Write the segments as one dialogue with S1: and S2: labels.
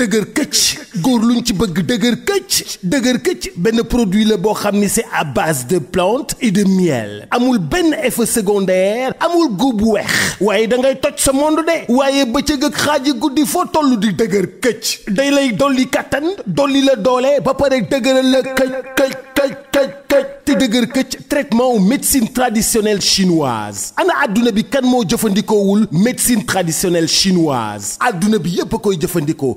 S1: dëgër këcc góor ñu ci bëgg dëgër këcc dëgër këcc benn produit la boo xam ni c'est à base de plantes et de miel amul benn effet secondaire amul góob bu weex waaye da ngay toj sa monde de waaye bëccëg ak xaaji guddi foo toll di dëgër këcc day lay dolli kattan dolli la doole ba pare dëgëral la këcc këcc këcc te dëgër këcc traitement médecine traditionnelle chinoise ana àdduna bi kan moo jëfandikoowul médecine traditionnel chinoise adduna bi yépp koy jëfandikoo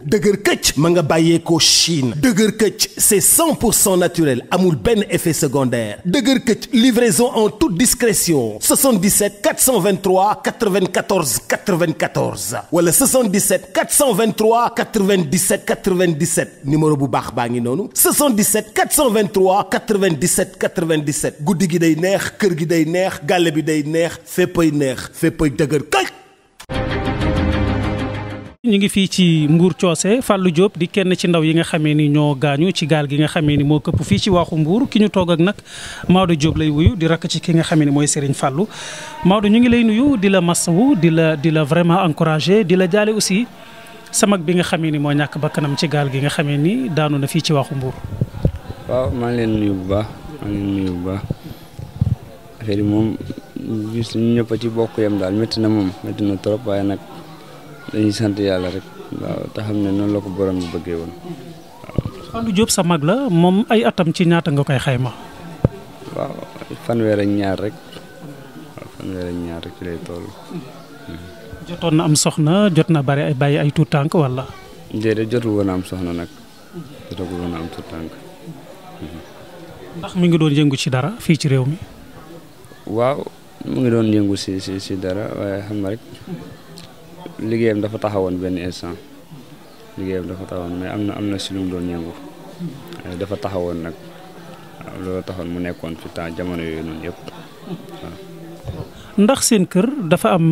S1: bàyyeekoo Chine dëgër këcc c'est 100 pour cent naturel amul benn effet secondaire dëgër këcc livraison en toute discrétion 77 423 94 94 wala 77 423 97 97 numéro bu baax baa ngi noonu 77 423 97 97 guddi gi day neex kër gi day neex gàlle bi day neex féppay neex féppay dëgër këcc.
S2: ñu ngi fii ci Mbour Coose fàllu Diop di kenn ci ndaw yi nga xamee ni ñoo gaañu ci gaal gi nga xamee ni moo këpp fii ci waaxu mbuur ki ñu toog ak nag Maodo jóob lay wuyu di rakk ci ki nga xamee ni mooy seriñ Fallou Maodo ñu ngi lay nuyu di la masawu di la di la vraiment encouragé di la jaale aussi samag bi nga xame ni moo ñàkk bakkanam ci gaal gi nga xamee ni daanu na fii ci waaxu mbuur
S3: waaw maa ngi leen nuyu bu baax maa ngi leen nuyu bu baax affaire moom gis ñëpp ci bokk yam daal métti na moom waaye nag. lañuy sant yàlla rek waaw te xam ne noonu la ko borom bi bëggee woon waaw.
S2: Fallou sa mag la moom ay atam ci ñaata nga koy xayma.
S3: waaw ñaar rek waaw ñaar rek ci lay toll.
S2: jotoon na am soxna jot na bari ay bàyyi ay tuut tànk wala.
S3: déedéet jotul woon a am soxna nag jotagul woon a am tuut
S2: ndax mi ngi doon yëngu ci dara fii ci réew mi.
S3: waaw mu ngi doon yëngu si si dara waaye xam nga rek. liggéeyam dafa taxawoon benn instant liggéeyam dafa taxawoon mais am na am na si lu mu doon yëngu euh, dafa taxawoon nag waaw loolu taxoon mu nekkoon fi temps jamono yooyu noonu yëpp
S2: ndax seen kër dafa am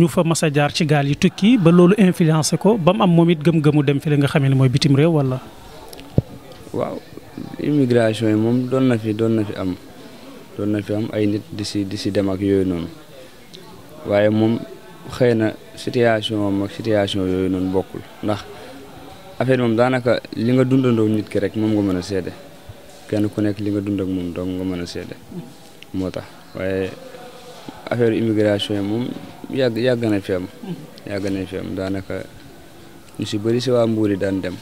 S2: ñu fa mas a jaar ci gaal yi tukki ba loolu influencé ko ba mu am moom it gëm-gëmu dem fi la nga xamee ne mooy bitim réew wala.
S3: waaw immigration yi moom doon na fi doon na fi am doon na fi am ay nit di si di si dem ak yooyu noonu waaye moom xëy na. situation moom ak situation yooyu noonu bokkul ndax affaire moom daanaka li nga dundandoo nit ki rek moom nga mën a seede kenn ku nekk li nga dund ak moom dong nga mën a seede moo tax waaye affaire immigration yi moom yàgg yàgg na fi yàgg na fi daanaka ñu si bëri si waa Mbuur yi daan dem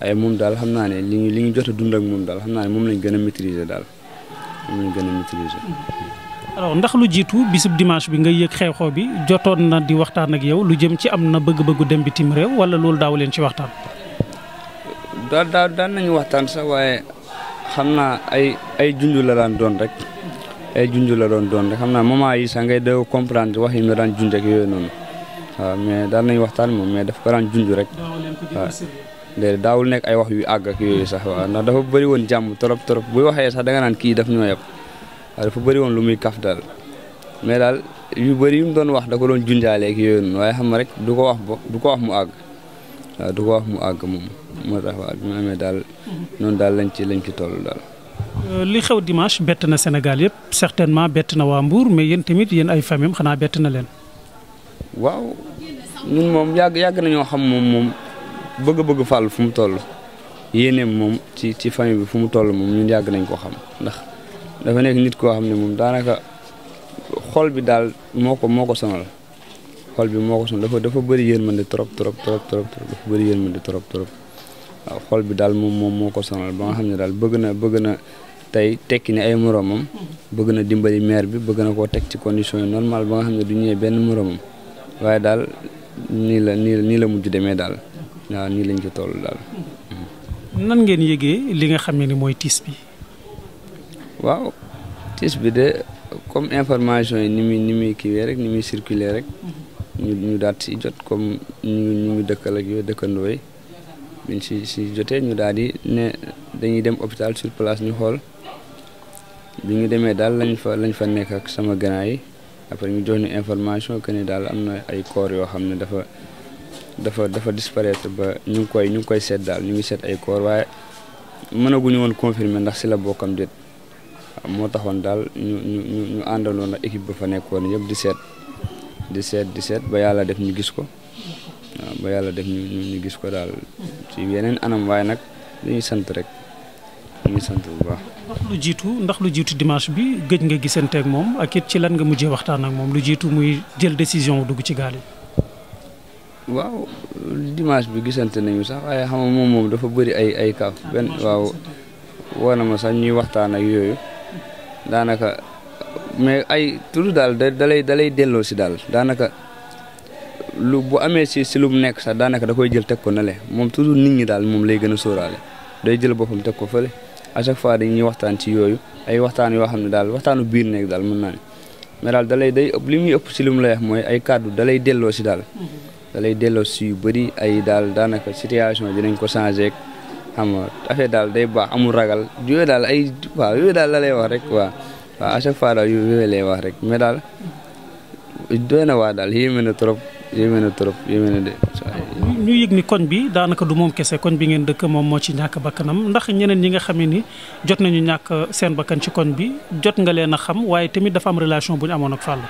S3: waaye moom daal xam naa ne li ñu li ñu jot a dund ak moom daal xam naa ne moom lañ gën a maîtriser daal moom lañ gën a
S2: alors ndax lu jiitu bisub dimanche bi nga yëg xew-xew bi jotoon na di waxtaan ak yow lu jëm ci am na bëgg-bëggu dem bi tim réew wala loolu daaw leen ci waxtaan.
S3: daal daan nañu waxtaan sax waaye xam naa ay ay junj la daan doon rek ay junj la doon doon rek xam naa moment yi sax ngay doo comprendre wax yi mu daan junj ak yooyu noonu waaw mais daan nañu waxtaan moom mais daf ko daan junj rek. waaw léegi daawul nekk ay wax yu àgg ak yooyu sax waaw ndax dafa bëri woon jàmm trop trop buy waxee sax danga naan kii daf ñoo yab. waaw fu bëri woon lu muy kaf daal mais daal yu bëri yu mu doon wax da ko doon junjaaleeg yooyu noonu waaye xam nga rek du ko wax ba du ko wax mu àgg waaw du ko wax mu àgg moom moo tax daal noonu daal lañ ci lañ ci toll daal.
S2: Euh, li xew dimanche bett na Sénégal yëpp certainement bett na waa Mbour mais yéen yéen ay famille xanaa bett na leen.
S3: waaw ñun moom yàgg yàgg nañoo xam moom moom bëgg-bëgg fàll fu mu toll yéeneem moom ci ci famille bi fu mu toll moom ñun yàgg nañ ko xam ndax. dafa nekk nit koo xam ne moom daanaka xol bi daal moo ko moo ko sonal xol bi moo ko sonal dafa dafa bëri yërmande trop trop trop trop dafa bëri yërmande trop trop waaw xol bi daal moom moom moo ko sonal ba nga xam ne daal bëgg na bëgg na tey tekki ne ay moroomam bëgg na dimbali maire bi bëgg na koo teg ci condition yi normal ba nga xam ne du ñëwee benn moromam waaye daal nii la nii la nii la mujj demee daal waaw nii lañ ci toll daal.
S2: nan ngeen li nga xam bi.
S3: waaw tiis bi de comme information yi ni muy ni muy kiiwee rek ni muy circuler rek mhm. ñu ñu daal si jot comme ñu ñu ñu dëkkal yooyu dëkkandoo yi biñ si si jotee ñu daal di ne dañuy dem hôpital sur place ñu xool bi ñu demee daal lañ fa lañ fa nekk ak sama grand yi après ñu jox ñu information que ni daal am na ay core yoo xam ne dafa dafa dafa disparaître ba ñu ngi koy ñu ngi koy seet daal ñu ngi seet ay corps waaye mënaguñu woon confirmer ndax si la bokkam déet moo taxoon daal ñu ñu ñu ñu àndaloon ak équipe ba fa nekkoon yëpp di seet di seet di seet ba yàlla def ñu gis ko waaw ba yàlla def ñu ñu gis ko daal ci yeneen anam waaye nag dañuy sant rek dañuy sant bu baax.
S2: ndax lu jiitu ndax lu jiitu dimanche bi gëj nga gisante ak moom ak it ci lan nga mujjee waxtaan ak moom lu jiitu muy jël décision dugg ci gaal yi.
S3: waaw dimanche bi gisante nañu sax waaye xam nga moom moom dafa bëri ay ay kaaf ah, benn waaw woo ma sax ñuy waxtaan ak yooyu. daanaka mais ay tur daal da dalay dalay delloo si daal daanaka lu bu amee si si lu mu nekk sax daanaka da koy jël teg ko nale moom toujours nit ñi daal moom lay gën a sóoraale day jël boppam teg ko fële à chaque fois dañuy waxtaan ci yooyu ay waxtaan yoo xam ne daal waxtaanu biir nekk daal mën naa ne mais daal dalay day ëpp li muy ëpp si lu mu lay mooy ay kàddu dalay delloo si daal. Mm-hmm. dalay delloo si yu bëri ay daal daanaka situation dinañ ko changé. xam nga daal day baax amul ragal yooyu daal ay waaw yooyu daal la lay wax rek waaw waaw à chaque fois daal yooyu lay wax rek mais daal doy na waa daal yéeme na trop yéeme na trop yéeme na de.
S2: ñu yëg ni koñ bi daanaka du moom kese koñ bi ngeen dëkk moom moo ci ñàkk bakkanam ndax ñeneen ñi nga xamee ni jot nañu ñàkk seen bakkan ci koñ bi jot nga leen a xam waaye tamit dafa am relation bu ñu amoon ak Fallou.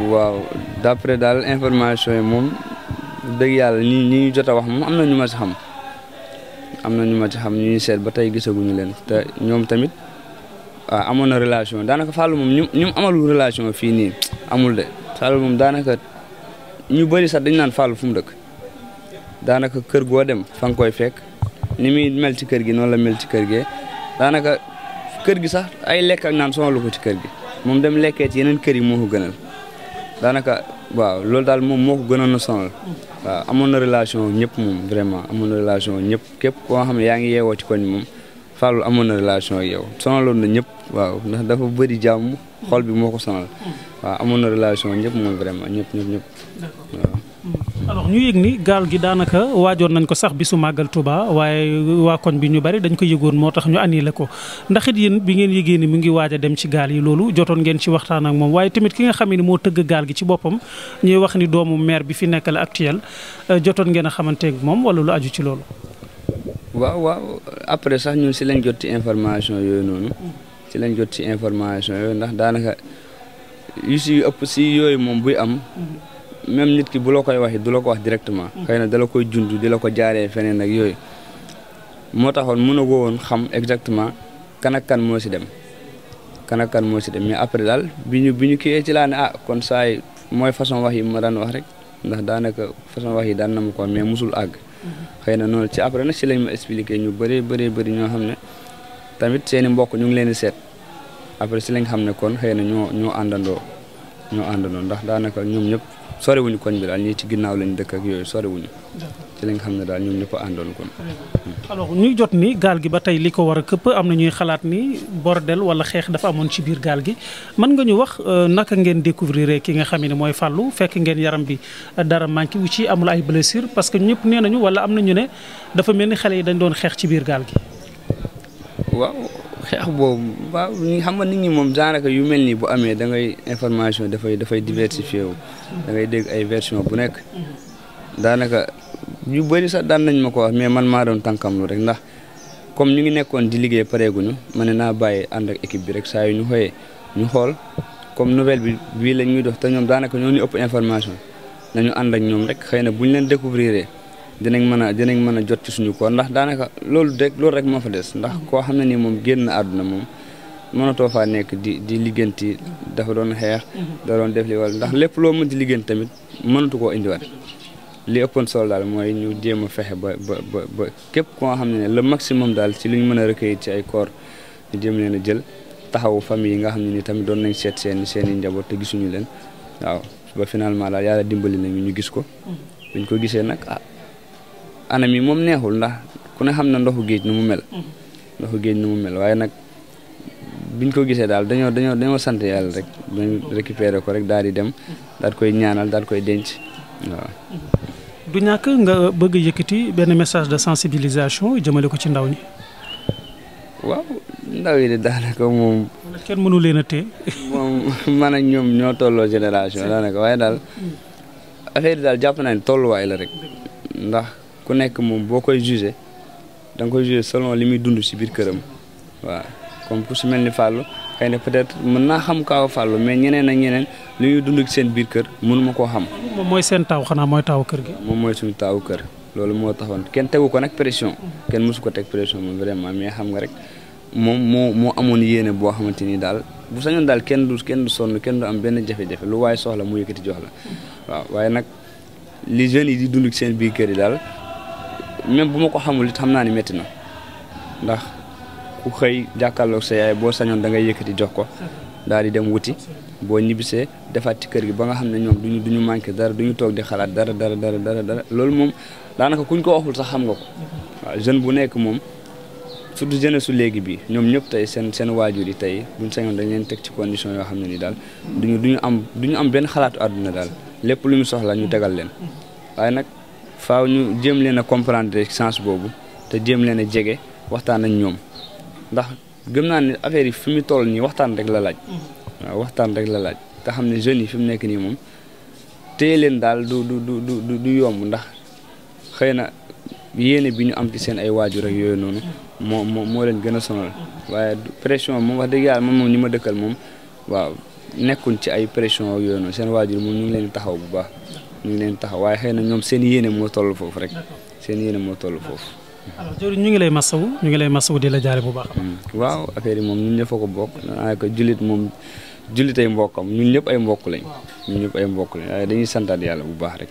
S3: waaw d'après daal information yi moom dëgg yàlla ñi ñi ñu jot a wax moom na ñu ma am na ñu ma ci xam ñu ngi seet ba tey gisaguñu leen te ñoom tamit waaw ah, amoon na relation daanaka Fallou moom ñu ñu amalu relation fii nii amul de Fallou moom daanaka ñu bëri sax dañ naan Fallou fu mu dëkk daanaka kër goo dem fa nga koy fekk ni muy mel ci kër gi noonu la mel ci kër gi daanaka kër gi sax ay lekk ak naan sonal ko ci kër gi moom dem lekkee ci yeneen kër yi moo ko gënal. daanaka waaw loolu daal moom moo ko gënoon a sonal waaw amoon na relation ñëpp moom vraiment amoon na relation ñëpp képp koo xam ne yaa ngi yeewoo ci koñ moom Fallou na relation ak yow sonaloon na ñëpp waaw ndax dafa bëri jàmm xol bi moo ko sonal waaw amoon na relation ñëpp moom vraiment ñëpp ñëpp ñëpp
S2: alors ñu yëg ni gaal gi daanaka waajoon nañ ko sax bi su màggal tubaa waaye waa koñ bi ñu bari dañ ko yëgoon moo tax ñu annulé ko ndaxit it yéen bi ngeen yëgee ni mu ngi waaja dem ci gaal yi loolu jotoon ngeen ci waxtaanak moom waaye ki nga xam ne moo tëgg gaal gi ci boppam ñuy wax ni doomu maire bi fi nekk la euh, jotoon ngeen a xamanteeg moom wala lu aju ci loolu.
S3: waaw waaw après sax ñun si lañ jot ci information yooyu noonu. si lañ jot ci information yooyu ndax daanaka yu si ëpp si yooyu moom buy am. Mm-hmm. même nit ki bu la koy waxee du la ko wax directement. xëy na dala koy junj di la ko jaaree feneen ak yooyu moo taxoon mën a woon xam exactement kan kan moo si dem kan moo si dem mais après daal bi ñu bi ñu kiiyee ci laa ah kon saa mooy façon wax yi ma daan wax rek ndax daanaka façon wax yi daan na mu ko mais musul àgg. xëy na noonu ci après na si lañ ma expliqué ñu bëree bëree bëri ñoo xam ne tamit seeni mbokk ñu ngi leen di seet après si lañ xam ne kon xëy na ñoo ñoo àndandoo. ñoo àndandoo ndax daanaka ñoom ñëpp sorewuñu koñ bi daal ñii ci ginnaaw lañ dëkk ak yooyu sorewuñu ci lañ xam ne daal ñoom ñëpp àndoon kon
S2: alors ñuy jot ni gaal gi ba tey li ko war a këpp am na ñuy xalaat ni bordel wala xeex dafa amoon ci biir gaal gi mën nga ñu wax euh, naka ngeen découvrir ki nga xam ne mooy fàllu fekk ngeen yaram bi dara manqué wu ci amul ay blessure parce que ñëpp nee nañu wala am na ñu ne dafa mel ni xale yi dañ doon xeex ci biir gaal gi
S3: xeex boobu waaw xam nga nit ñi moom genre yu mel nii bu amee da ngay information dafay dafay diversifié wu da ngay dégg ay version bu nekk daanaka ñu bëri sax daan nañ ma ko wax mais man maa doon tànkam rek ndax comme ñu ngi nekkoon di liggéey pareeguñu ma ne naa bàyyi ànd ak bi rek saa yu ñu xëyee ñu xool comme nouvelle bi bii lañ ñuy dox te ñoom daanaka ñoo ñu ëpp information nañu ànd ak ñoom rek xëy na bu ñu leen découvrir dinañ mën a dinañ mën a jot ci suñu koor ndax daanaka loolu rek loolu rek moo fa des ndax koo xam ne nii moom génn àdduna moom mënatoo faa nekk di di liggéenti dafa doon xeex mhm. da doon def li wala ndax lépp loo mën di liggéenti tamit mënatu koo indiwaat li ëppoon sol daal mooy ñu jéem a fexe ba ba ba képp koo xam ne le maximum daal ci li ñu mën a recueillir ci ay koor ñu jéem leen a jël taxawu famille yi nga xam ne ni tamit doon nañ seet seen seen i njaboot te gisuñu leen waaw nañu gis ko mhm. buñ anam yi moom neexul ndax ku ne xam na ndoxu géej nu mu mel mm-hmm. ndoxu géej nu mu mel waaye nag biñ ko gisee daal dañoo dañoo dañoo sant yàlla rek dañu ko rek daal di dem mm-hmm. daal koy ñaanal daal koy denc waaw
S2: mm-hmm. ñàkk nga bëgg yëkkati benn message de sensibilisation jëmale ko ci ndaw ñi
S3: waaw ndaw yi de daanaka moom kenn mënu leen moom man ak ñoom ñoo tolloo génération daanaka waaye daal affaire yi daal jàpp naa ne tolluwaay la rek ndax ku nekk moom boo koy jugé da nga koy jugé selon li muy dund si biir këram waa kon ku si mel ni Fallou xëy na peut-être mën naa xam kaaw Fallou mais ñeneen a ñeneen li ñuy dund seen biir kër ma koo xam.
S2: moom mooy seen taw xanaa mooy taw kër gi.
S3: moom mooy suñu taaw kër loolu moo taxoon kenn tegu ko nag pression. kenn mësu ko teg pression moom vraiment mais xam nga rek moom moo moo amoon yéene boo xamante ni daal bu sañoon daal kenn du kenn du sonn kenn du am benn jafe lu waaye soxla mu yëkkati jox la waaw waaye nag li yi di dund seen biir kër yi daal. même bu ma ko xamul it xam naa ni métti na ndax ku xëy jàkkaarloog sa yaay boo sañoon da ngay yëkkati jox ko daal di dem wuti boo ñibbisee defaat ci kër gi ba nga xam ne ñoom duñu duñu manqué dara duñu toog di xalaat dara dara dara loolu moom daanaka kuñ ko waxul sax xam nga ko waaw jeune bu nekk moom surtout jeune su léegi bi ñoom ñëpp tey seen seen waajur yi tey buñ sañoon dañ leen teg ci condition yoo xam ne nii daal duñu duñu am duñu am benn xalaatu àdduna daal lépp lu ñu soxla ñu tegal leen faaw ñu jëm leen a comprendre sens boobu te jëm leen a jege waxtaan ak ñoom ndax gëm naa ni affaire yi fi muy toll nii waxtaan rek la laaj. waxtaan rek la laaj te xam ne jeunes yi fi mu nekk nii moom téye leen daal du du du du yomb ndax xëy na yéene bi ñu am ci seen ay waajur ak yooyu noonu. moo moo moo leen gën a sonal. waaye pression moom wax dëgg yàlla man moom ñi ma dëkkal moom waaw nekkuñ ci ay pression ak yooyu noonu seen waajur moom ñu ngi leen di taxaw bu baax. ñu ngi leen taxaw waaye xëy na ñoom seen yéene moo toll foofu rek seen yéene moo toll foofu.
S2: alors ñu ngi lay masawu ñu ngi lay masawu di la jaare bu baax. Mm.
S3: waaw affaire yi moom ñun ñëpp a ko bokk naa ko jullit moom jullit ay mbokkam ñun ñëpp ay mbokk lañ ñun ñëpp ay mbokk lañ waaye dañuy santaat yàlla bu baax rek.